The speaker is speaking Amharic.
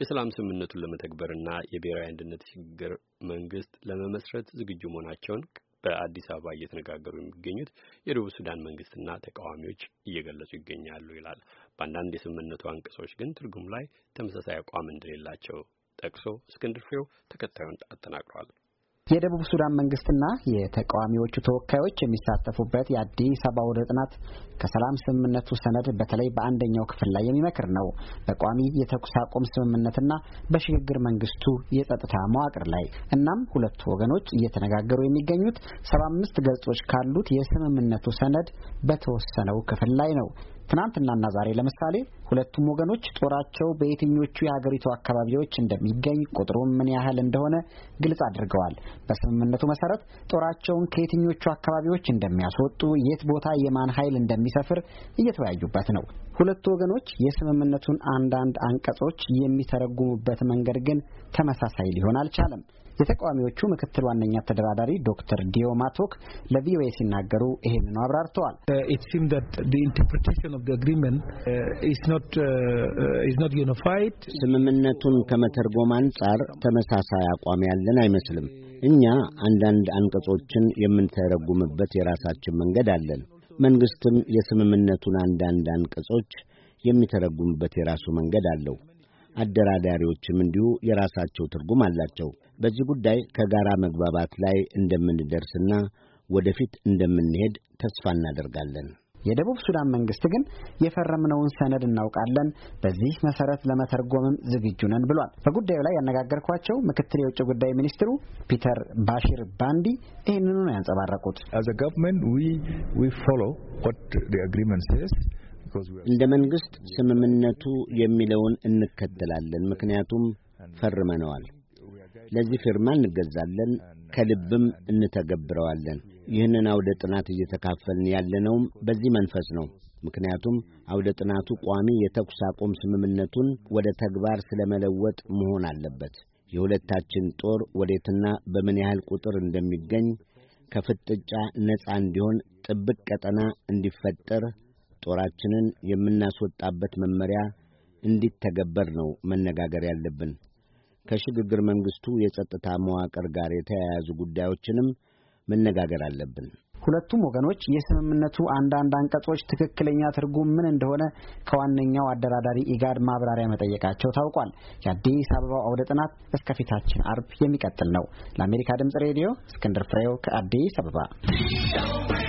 የሰላም ስምምነቱን ለመተግበርና የብሔራዊ አንድነት ሽግግር መንግስት ለመመስረት ዝግጁ መሆናቸውን በአዲስ አበባ እየተነጋገሩ የሚገኙት የደቡብ ሱዳን መንግስትና ተቃዋሚዎች እየገለጹ ይገኛሉ ይላል። በአንዳንድ የስምምነቱ አንቀጾች ግን ትርጉም ላይ ተመሳሳይ አቋም እንደሌላቸው ጠቅሶ እስክንድር ፍሬው ተከታዩን አጠናቅሯል። የደቡብ ሱዳን መንግስትና የተቃዋሚዎቹ ተወካዮች የሚሳተፉበት የአዲስ አበባ ወደ ጥናት ከሰላም ስምምነቱ ሰነድ በተለይ በአንደኛው ክፍል ላይ የሚመክር ነው። በቋሚ የተኩስ አቁም ስምምነትና በሽግግር መንግስቱ የጸጥታ መዋቅር ላይ እናም ሁለቱ ወገኖች እየተነጋገሩ የሚገኙት ሰባ አምስት ገጾች ካሉት የስምምነቱ ሰነድ በተወሰነው ክፍል ላይ ነው። ትናንትናና ዛሬ ለምሳሌ ሁለቱም ወገኖች ጦራቸው በየትኞቹ የሀገሪቱ አካባቢዎች እንደሚገኝ ቁጥሩም ምን ያህል እንደሆነ ግልጽ አድርገዋል። በስምምነቱ መሰረት ጦራቸውን ከየትኞቹ አካባቢዎች እንደሚያስወጡ፣ የት ቦታ የማን ኃይል እንደሚሰፍር እየተወያዩበት ነው። ሁለቱ ወገኖች የስምምነቱን አንዳንድ አንቀጾች የሚተረጉሙበት መንገድ ግን ተመሳሳይ ሊሆን አልቻለም። የተቃዋሚዎቹ ምክትል ዋነኛ ተደራዳሪ ዶክተር ዲዮ ማቶክ ለቪኦኤ ሲናገሩ ይህንኑ አብራርተዋል። uh, uh, uh, ስምምነቱን ከመተርጎም አንጻር ተመሳሳይ አቋም ያለን አይመስልም። እኛ አንዳንድ አንቀጾችን የምንተረጉምበት የራሳችን መንገድ አለን። መንግሥትም የስምምነቱን አንዳንድ አንቀጾች የሚተረጉምበት የራሱ መንገድ አለው። አደራዳሪዎችም እንዲሁ የራሳቸው ትርጉም አላቸው። በዚህ ጉዳይ ከጋራ መግባባት ላይ እንደምንደርስና ወደፊት እንደምንሄድ ተስፋ እናደርጋለን። የደቡብ ሱዳን መንግስት ግን የፈረምነውን ሰነድ እናውቃለን፣ በዚህ መሰረት ለመተርጎምም ዝግጁ ነን ብሏል። በጉዳዩ ላይ ያነጋገርኳቸው ምክትል የውጭ ጉዳይ ሚኒስትሩ ፒተር ባሺር ባንዲ ይህንኑ ነው ያንጸባረቁት። እንደ መንግሥት ስምምነቱ የሚለውን እንከተላለን፣ ምክንያቱም ፈርመነዋል። ለዚህ ፊርማ እንገዛለን፣ ከልብም እንተገብረዋለን። ይህንን አውደ ጥናት እየተካፈልን ያለነውም በዚህ መንፈስ ነው። ምክንያቱም አውደ ጥናቱ ቋሚ የተኩስ አቁም ስምምነቱን ወደ ተግባር ስለመለወጥ መሆን አለበት። የሁለታችን ጦር ወዴትና በምን ያህል ቁጥር እንደሚገኝ ከፍጥጫ ነፃ እንዲሆን ጥብቅ ቀጠና እንዲፈጠር ጦራችንን የምናስወጣበት መመሪያ እንዲተገበር ነው መነጋገር ያለብን። ከሽግግር መንግስቱ የጸጥታ መዋቅር ጋር የተያያዙ ጉዳዮችንም መነጋገር አለብን። ሁለቱም ወገኖች የስምምነቱ አንዳንድ አንቀጾች ትክክለኛ ትርጉም ምን እንደሆነ ከዋነኛው አደራዳሪ ኢጋድ ማብራሪያ መጠየቃቸው ታውቋል። የአዲስ አበባው አውደ ጥናት እስከፊታችን አርብ የሚቀጥል ነው። ለአሜሪካ ድምጽ ሬዲዮ እስክንድር ፍሬው ከአዲስ አበባ